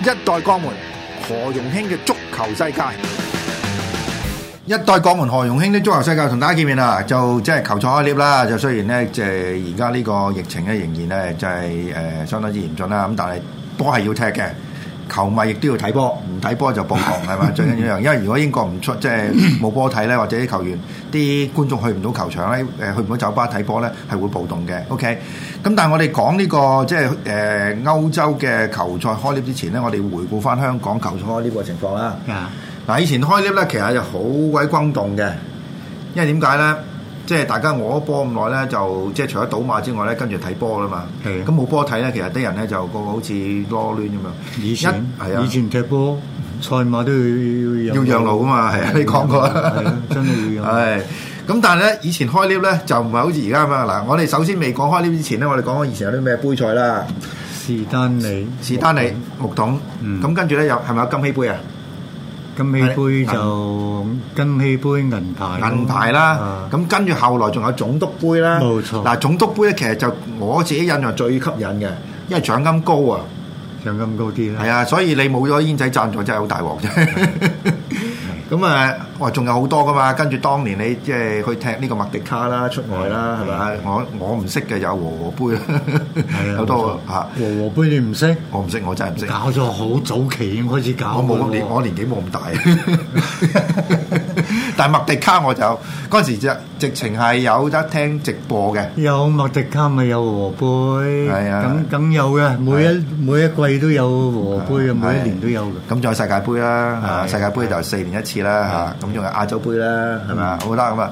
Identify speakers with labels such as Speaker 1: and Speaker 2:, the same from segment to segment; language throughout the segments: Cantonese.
Speaker 1: 一代鋼門何容興嘅足球世界，一代鋼門何容興嘅足球世界同大家見面啦，就即係球賽開波啦，就雖然咧即係而家呢個疫情咧仍然咧就係、是、誒、呃、相當之嚴峻啦，咁但係都係要踢嘅。球迷亦都要睇波，唔睇波就暴動係嘛？最緊要一樣，因為如果英國唔出即係冇波睇咧， 或者啲球員、啲觀眾去唔到球場咧，誒去唔到酒吧睇波咧，係會暴動嘅。OK，咁但係我哋講呢個即係誒、呃、歐洲嘅球賽開 lift 之前咧，我哋回顧翻香港球賽呢個情況啦。嗱， 以前開 lift 咧，其實就好鬼轟動嘅，因為點解咧？即係大家我波咁耐咧，就即係除咗賭馬之外咧，跟住睇波啦嘛。咁冇波睇咧，其實啲人咧就個個好似囉攣咁樣。以前係啊，一以前
Speaker 2: 踢波賽馬都要
Speaker 1: 要，要，要讓要讓路噶嘛，係啊的，你講過。真係要讓。係咁， 但係咧，以前開 lift 咧就唔係好似而家咁啊！嗱，我哋首先未講開 lift 之前咧，我哋講下以前有啲咩杯賽啦。士丹利，鵬士丹利，木盾。咁、嗯嗯、跟住咧有係咪有金禧杯啊？金禧杯就銀金禧杯，銀牌，銀牌啦，咁、啊、跟住後來仲有總督杯啦。冇錯錯，嗱，總督杯咧，其實就我自己印象最吸引嘅，因為獎金高啊，獎金高啲啦。係啊，所以你冇咗煙仔贊助真係好大鑊啫。嗯 咁啊，我仲、嗯、有好多㗎嘛，跟住當年你即係、呃、去踢呢個麥迪卡啦、出外啦，係咪、嗯、吧我我唔識嘅有和和杯，係啊，好多吓。和和杯你唔識？我唔識，我真係唔識。搞咗好早期開始搞我。我冇咁年，我年紀冇咁大。 但係麥迪卡我就嗰時直直情係有得聽直播嘅，
Speaker 2: 有麥迪卡咪有和杯，係啊，咁梗有嘅，
Speaker 1: 每一每一季都有和杯啊，每一年都有嘅。咁仲有世界盃啦，世界盃就四年一次啦，吓咁仲有亞洲盃啦，係咪，好啦咁啊。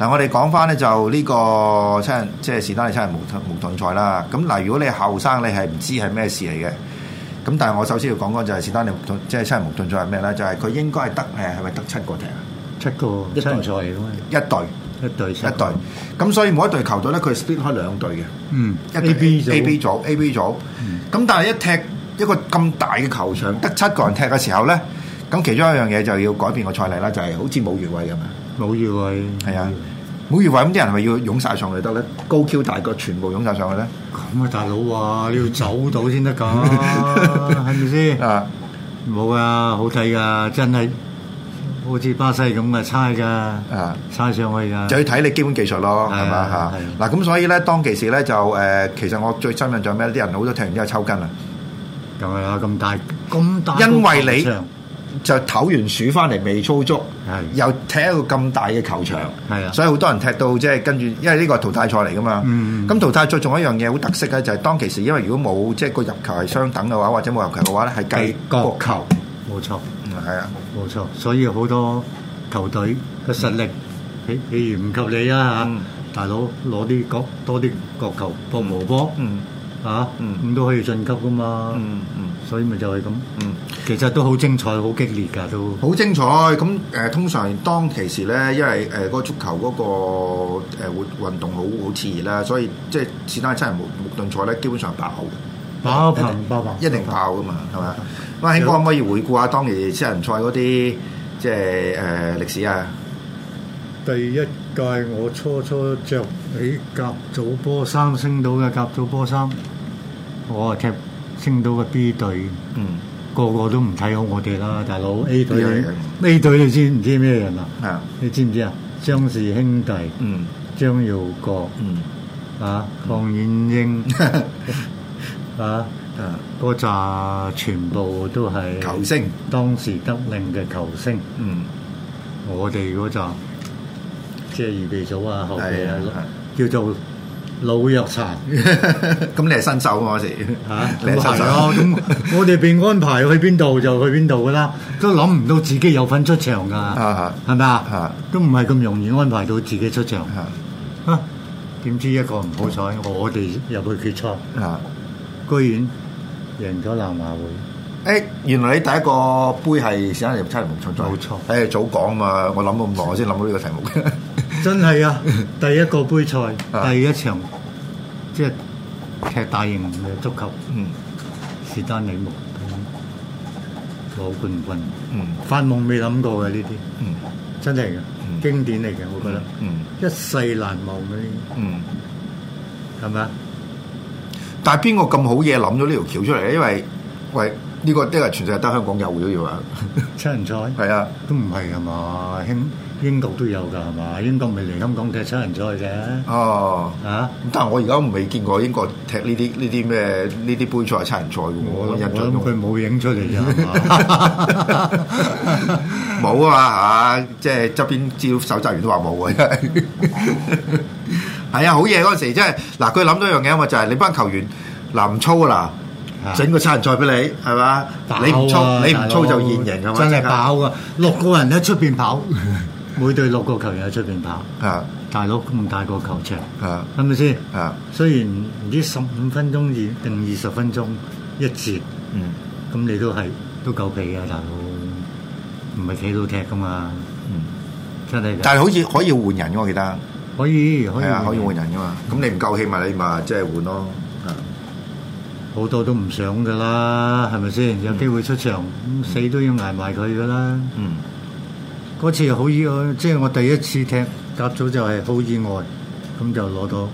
Speaker 1: 嗱，我哋講翻咧就呢個七人即係士丹利七人木盾木盾賽啦。咁嗱，如果你後生你係唔知係咩事嚟嘅，咁但係我首先要講講就係士丹利即係七人木盾賽係咩咧？就係佢應該係得誒，係咪得七個嘅？七個一隊賽咁啊！一隊一隊一隊，咁所以每一隊球隊咧，佢 split 開兩隊嘅。嗯，A B A B 組 A B 組。嗯，咁但係一踢一個咁大嘅球場，得七個人踢嘅時候咧，咁其中一樣嘢就要改變個賽例啦，就係好似冇越位咁啊！冇越位。係啊，冇越位咁啲人係咪要湧曬上去得咧？高 Q 大腳全部湧曬上去咧？咁啊，大佬啊，你要走到先得噶，係咪先？啊，冇啊，好睇噶，真係。
Speaker 2: 好似巴西咁啊，差噶，差的上去噶，就要睇
Speaker 1: 你基本技術咯，係嘛吓。嗱咁的的、啊、所以咧，當其時咧就誒、呃，其實我最心驚就係咩啲人好多踢完之後抽筋啊！咁啊，咁大咁大，大因為你就抖完鼠翻嚟未操作，的又踢一個咁大嘅球場，係啊的，所以好多人踢到即係、就是、跟住，因為呢個淘汰賽嚟噶嘛。咁、嗯嗯、淘汰賽仲有一樣嘢好特色嘅，就係、是、當其時，因為如果冇即係個入球係相等嘅話，或者冇入球嘅話咧，係計角球，冇錯。係啊，冇
Speaker 2: 錯， 所以好多球隊嘅實力，譬譬如唔及你啊吓，嗯、大佬攞啲角，多啲角球搏磨波，波，嗯，嗯，啊，嗯，咁都可以晉級噶嘛，嗯嗯，所以咪就係咁，嗯，其實都好精彩，好激烈噶都，
Speaker 1: 好精彩，咁誒、呃，通常當其時咧，因為誒個、呃、足球嗰個誒活運動好好熾熱啦，所以即係次單真係無無盾賽咧，基本上打好。爆棚爆棚，一定爆噶嘛，係嘛？哇，興哥可唔可以回顧下當年七人賽嗰啲即係誒歷史啊？第一屆我初初
Speaker 2: 着起甲組波衫升到嘅甲組波衫，
Speaker 1: 我啊
Speaker 2: 踢星島嘅 B 隊，嗯，個個都唔睇好我哋啦，大佬 A 隊，A 隊你知唔知咩人啊？啊，你知唔知啊？張氏兄弟，嗯，張耀國，嗯，啊，鄺燕英。啊！誒，嗰扎全部都係球星，當時得令嘅球星。嗯，我哋嗰扎即係預備組啊，後備啊，叫做老弱殘。咁你係新手啊？嗰時嚇，老弱殘咯。咁我哋被安排去邊度就去邊度㗎喇，都諗唔到自己有份出場㗎。嚇係咪啊？都唔係咁容易安排到自己出場。嚇嚇，點知一個唔好彩，我哋入去決賽。居然
Speaker 1: 贏咗南華會！誒，原來你第一個杯係士丹利木盾出場，冇錯。誒，早講嘛，我諗咗咁耐，我先諗到呢個題目。
Speaker 2: 真係啊，第一個杯賽，第一場即係踢大型嘅足球。嗯，士丹利木盾攞冠軍。嗯，發夢未諗過嘅呢啲。嗯，真係嘅，經典嚟嘅，我覺得。嗯，一世難
Speaker 1: 忘嗰啲。嗯，係咪啊？但係邊個咁好嘢諗咗呢條橋出嚟？因為喂呢、呢個即係、呢個、全世界得香港有咗要啊，七人賽。係
Speaker 2: 是啊，都都唔係啊嘛？英英國都有㗎係嘛？英國未嚟香港踢七人賽啫？
Speaker 1: 哦啊！但係我而家未見過英國踢呢啲呢啲、咩呢啲杯賽七人賽，我印象中，我諗佢冇影出嚟啫。冇 啊嘛吓、啊啊啊！即係側邊搜集員都話冇啊。 係啊，好嘢嗰陣時真，即係嗱，佢諗到一樣嘢啊嘛，就係、是、你班球員，嗱唔操啦，
Speaker 2: 整個
Speaker 1: 七人賽俾你，係嘛？啊、你唔操，哥你唔操就現形噶嘛，真係爆噶、啊，
Speaker 2: 六個人喺出邊跑， 每隊六個球員喺出邊跑，啊，大佬咁大個球場，啊，係咪先？啊，雖然唔知十五分鐘定二十分鐘一截，嗯，咁你都係都夠皮啊，大佬，唔係
Speaker 1: 企到踢噶嘛，嗯，真係，但係好似可以換人噶，我記得。可以，
Speaker 2: 可以，對可以換
Speaker 1: 人噶、嗯、嘛？咁你唔夠氣咪，你咪即係換咯。
Speaker 2: 好多都唔想噶啦，係咪先？有機會出場，嗯、死都要捱埋佢噶啦。嗯。嗰次好意外，即、就、係、是、我第一次踢甲組就係好意外，
Speaker 1: 咁就攞到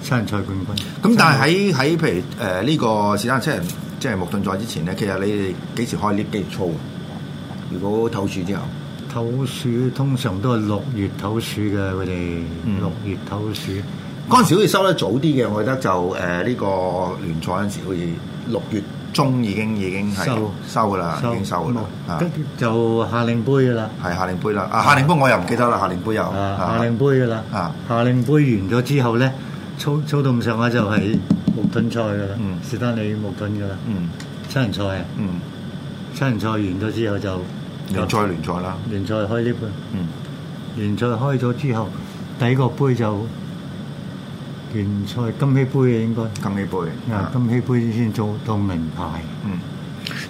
Speaker 1: 新人賽冠軍。咁但係喺喺譬如誒呢、呃這個時差七人即係木盾賽之前咧，其實你哋幾時開 lift 機操？如果透訴之後？土鼠通常都係六月土鼠嘅佢哋，嗯、六月土鼠。嗰陣時好似收得早啲嘅，我記得就誒呢、呃呢個聯賽嗰陣時好似六月中已經已經係收收㗎啦，已經收㗎啦。跟住就夏令杯㗎啦，係夏令杯啦。啊，夏令杯我又唔記得啦，夏令杯有啊，夏令杯㗎啦。
Speaker 2: 啊是，夏令杯完咗之後咧，操操到咁上下就係、是嗯、木盾賽㗎啦，是、嗯、士丹利木盾㗎啦。嗯，七人賽啊，嗯，七人賽完咗之後就。聯賽聯賽啦，聯賽開呢杯，嗯，聯賽開咗之後，第一個杯就聯賽金禧杯嘅應該，金禧杯，杯，啊是，是金禧杯先做到名牌，嗯，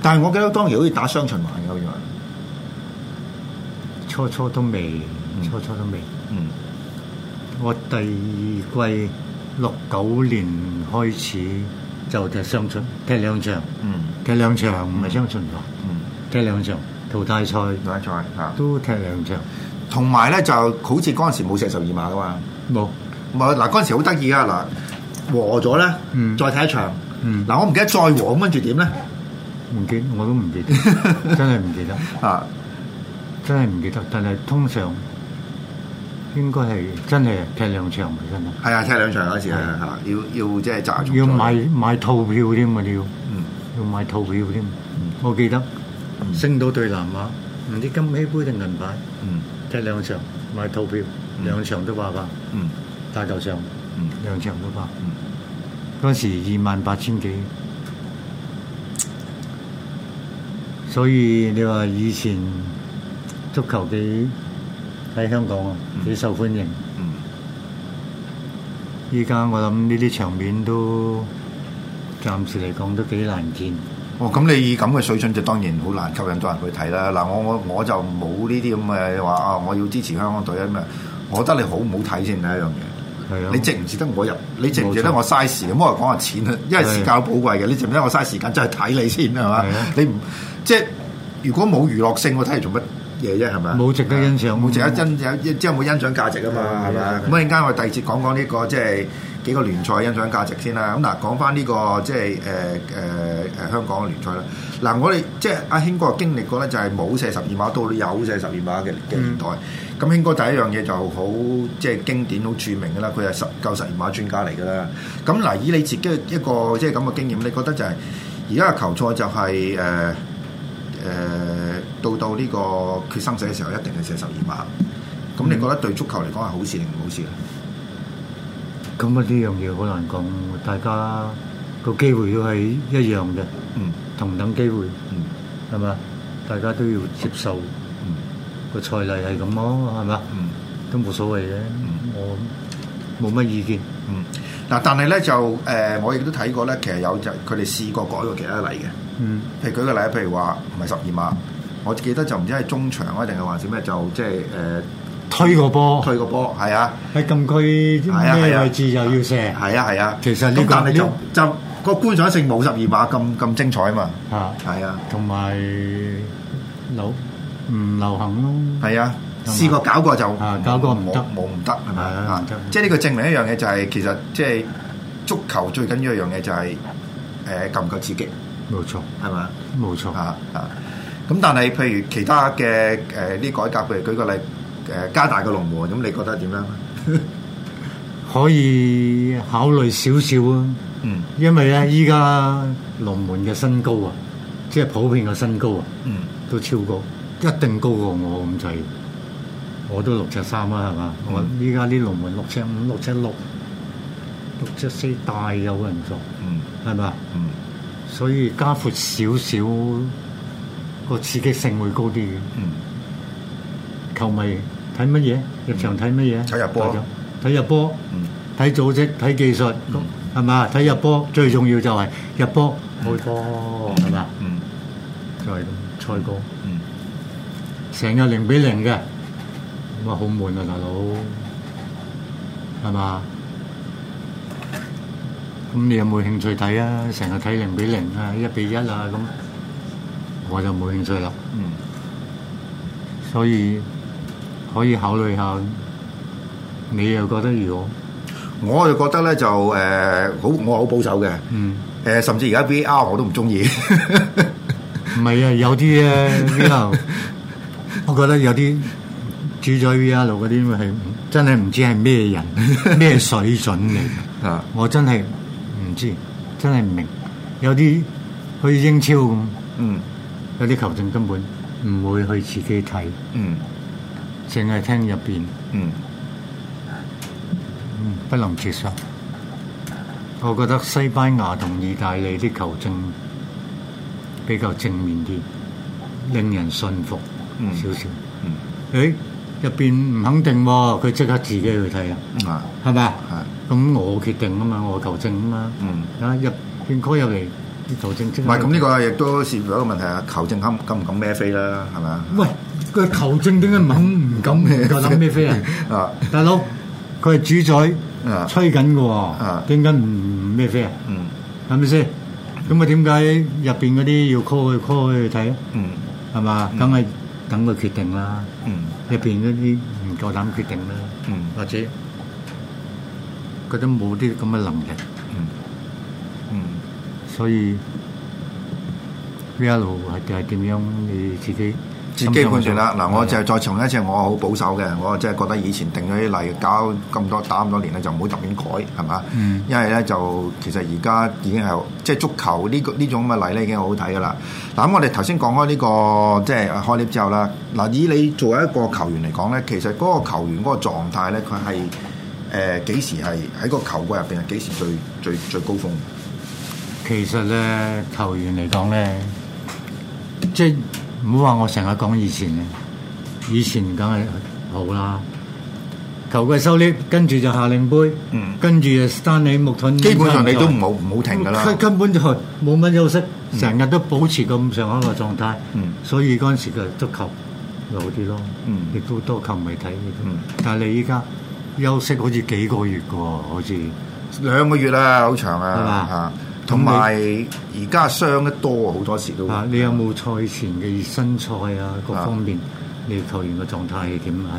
Speaker 2: 但係我記得當年好似打雙循環有嘅，初初都未，初初都未，嗯，我第二季六九年開始就踢雙循，踢兩場，嗯，踢兩場唔係雙循環，嗯，踢兩場。淘汰賽，
Speaker 1: 淘汰賽，嚇都踢兩場，同埋咧就好似嗰陣時冇射十二碼噶嘛，冇，冇嗱，嗰陣時好得意啊。嗱，和咗咧，再踢一場，嗯，嗱我唔記得再和咁跟住點咧？唔記，我都唔記得，真係唔記得，啊，
Speaker 2: 真係唔記得，但係通常應該係真係踢兩場嘅，
Speaker 1: 真係，係啊，踢兩場嗰陣時係啊，
Speaker 2: 要要即係要買買套票添嘅要，嗯，要買套票添，我記得。嗯、升到對南亞，唔知金禧杯定銀牌，即、嗯、兩場買套票，兩場都爆，大球場兩場都爆，嗰時二萬八千幾，所以你話以前足球幾喺香港啊，幾受歡迎，依家、嗯嗯、我諗呢啲場面都暫
Speaker 1: 時嚟講都幾難見。哦，咁你以咁嘅水準就當然好難吸引到人去睇啦。嗱，我我我就冇呢啲咁嘅話啊，我要支持香港隊啊咁我覺得你好唔好睇先第一樣嘢。係啊。你值唔值得我入？你值唔值得我嘥時？冇我講下錢啊，因為時間好寶貴嘅。你值唔值得我嘥時間真係睇你先係嘛？你唔即係如果冇娛樂性，我睇嚟做乜嘢啫？係咪？冇值得欣賞，冇值得欣即係冇欣賞價值啊嘛？係嘛？咁一陣間我第二節講講呢個即係。幾個聯賽欣賞價值先啦、這個，咁，嗱講返呢個即係誒誒誒香港嘅聯賽啦。嗱、呃，我哋即係阿興哥經歷過咧，就係冇射十二碼到有射十二碼嘅嘅年代。咁、嗯嗯、興哥第一樣嘢就好即係經典、好著名噶啦，佢係十夠十二碼專家嚟噶啦。咁、嗯、嗱、呃，以你自己一個即係咁嘅經驗，你覺得就係而家嘅球賽就係誒誒到到呢個決生死嘅時候，一定係射十二碼。咁、嗯、你覺得對足球嚟講係好事定唔好事咧？
Speaker 2: 咁啊呢樣嘢好難講，大家個機會都係一樣嘅，嗯，同等機會，嗯，係嘛？大家都要接受，嗯，個賽例係咁咯，係嘛？嗯，都冇所謂嘅，嗯，我
Speaker 1: 冇乜意見，嗯。嗱，但係咧就誒，我亦都睇過咧，其實有就佢哋試過改過其他例嘅，嗯。譬如舉個例，譬如話唔係十二碼，我記得就唔知係中場啊定係還是咩，就即係誒。推個波，推個波，係啊！喺禁區啲咩位置又要射？係啊係啊，其實呢個就就個觀賞性冇十二碼咁咁精彩嘛，嚇，係啊，同埋流唔流行咯。係啊，試過搞過就啊，搞過唔得，冇唔得係咪啊，即係呢個證明一樣嘢就係其實即係足球最緊要一樣嘢就係誒夠唔夠刺激？冇錯係咪，冇錯嚇嚇。咁但係譬如其他嘅誒啲改革，譬如舉個例。誒加大個龍門，咁你覺得點樣？
Speaker 2: 可以考慮少少啊。嗯，因為咧依家龍門嘅身高啊，即係普遍嘅身高啊，嗯，都超高，一定高過我咁滯。我都六尺三啦，係嘛？嗯、我依家啲龍門六尺五、六尺六、六尺四大有人做，嗯，係咪啊？嗯，所以加闊少少個刺激性會高啲嘅、啊，嗯。球迷睇乜嘢？入場睇乜嘢？睇入波，睇入波，睇組織，睇技術，係咪？睇入波最重要就係入波冇錯，係咪？嗯，就係咯，賽果，嗯，成日零比零嘅，咁啊好悶啊大佬，係咪？咁你有冇興趣睇啊？成日睇零比零啊，一比一啊咁，我就冇興趣啦。嗯，
Speaker 1: 所以。可以考慮下，你又覺得如何？我就覺得咧，就誒、呃、好，我好保守嘅。嗯。誒、呃，甚至而家 VR 我都唔中意。
Speaker 2: 唔係啊，有啲咧 VR，我覺得有啲主宰 VR 嗰啲，係真係唔知係咩人、咩 水準嚟。啊， 我真係唔知，真係唔明。有啲去英超咁，嗯，有啲球證根本唔會去自己睇，嗯。淨係聽入邊，嗯，嗯，不能接受。我覺得西班牙同意大利啲球證比較正面啲，令人信服少少。誒、入邊唔肯定喎，佢即刻自己去睇啊，係咪？咁我決定啊嘛，我球證啊嘛。啊入，變 call 入嚟啲
Speaker 1: 球證即刻。唔係，咁呢個亦都涉及一個問題啊，球證敢敢唔敢孭飛啦，係咪啊？喂。
Speaker 2: 佢求證，點解唔肯唔敢唔夠膽咩
Speaker 1: 飛
Speaker 2: 啊？大佬，佢係主宰，吹緊嘅喎。啊，點解唔咩飛啊？嗯，係咪先？咁啊，點解入邊嗰啲要 call 佢 call 佢去睇啊？嗯，係嘛？梗係等佢決定啦。嗯，入邊嗰啲唔夠膽決定啦。嗯，或者覺得冇啲咁嘅能力。嗯嗯，所以呢一路係點樣你
Speaker 1: 自己？基本上啦，嗱、啊，我就係、是、的再重一次，我好保守嘅，我即係覺得以前定咗啲例，搞咁多打咁多年咧，就唔好突然改，係嘛？嗯、因為咧，就其實而家已經係即係足球呢個呢種咁嘅例咧，已經好好睇㗎啦。嗱、這個，咁我哋頭先講開呢個即係開 lift 之後啦，嗱、啊，以你作為一個球員嚟講咧，其實嗰個球員嗰個狀態咧，佢係誒幾時係喺個球季入邊係幾時最最最高峰？
Speaker 2: 其實咧，球員嚟講咧，即係、就是。唔好話我成日講以前嘅，以前梗係好啦。球季收 l 跟住就夏令杯，跟住、嗯、就士丹利木盾。基本上你都唔
Speaker 1: 好停噶啦。佢
Speaker 2: 根本就冇乜休息，成日、嗯、都保持咁上一個狀態。嗯、所以嗰陣時嘅足球好啲咯，亦、嗯、都多球迷睇。嗯、但係你依家休息好似幾個月噶喎，好似兩個月啊，好長啊吓。同埋而家傷得多好多時都、啊、你有冇賽前嘅熱身賽啊？各方面、啊、你球員嘅狀態點啊？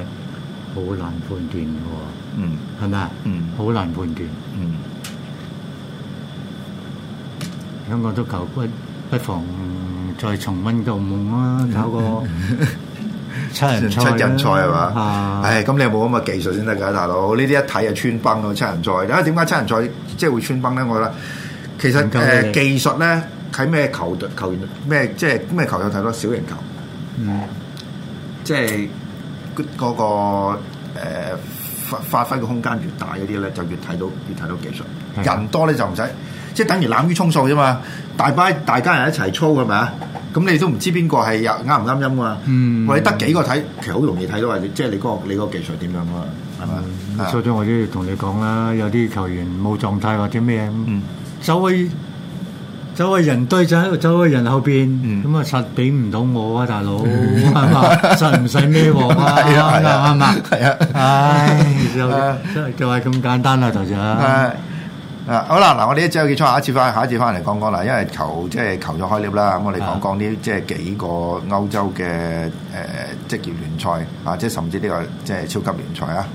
Speaker 2: 好、嗯、難判斷嘅喎。嗯，係咪啊？嗯，好難判斷。嗯，香港足球不不妨再重溫舊夢啊！搞個、
Speaker 1: 嗯、七人賽七人賽係嘛？係、啊。咁、哎、你有冇咁嘅技術先得㗎，大佬？呢啲一睇就穿崩咯，七人賽。點解七人賽即係會穿崩咧？我覺得。其實誒、呃，技術咧睇咩球隊球員咩即係咩球友睇咯？小型球，嗯，即係嗰、那個誒、呃、發發揮嘅空間越大嗰啲咧，就越睇到越睇到技術。人多咧就唔使，啊、即係等於濫竽充數啫嘛。大班大家人一齊操係咪啊？咁你都唔知邊個係啱唔啱音啊？或者得幾個睇，其實好容易睇到啊！即係你嗰個你個技術點樣啊？係嘛？宋
Speaker 2: 總我都要同你講啦，有啲球員冇狀態或者咩走去走去人堆，就喺度走去人後邊，咁啊，實俾唔到我啊，大佬，實唔使孭鑊啊，係嘛？係啊，唉，真係就
Speaker 1: 係咁簡單啦，頭先。係啊，好啦，嗱，我哋一節又結束下，下一次翻，下一次翻嚟講講啦，因為求即係求咗開 lift 啦，咁、嗯、我哋講講呢，即係幾個歐洲嘅誒職業聯賽啊，即係甚至呢、這個即係超級聯賽啊。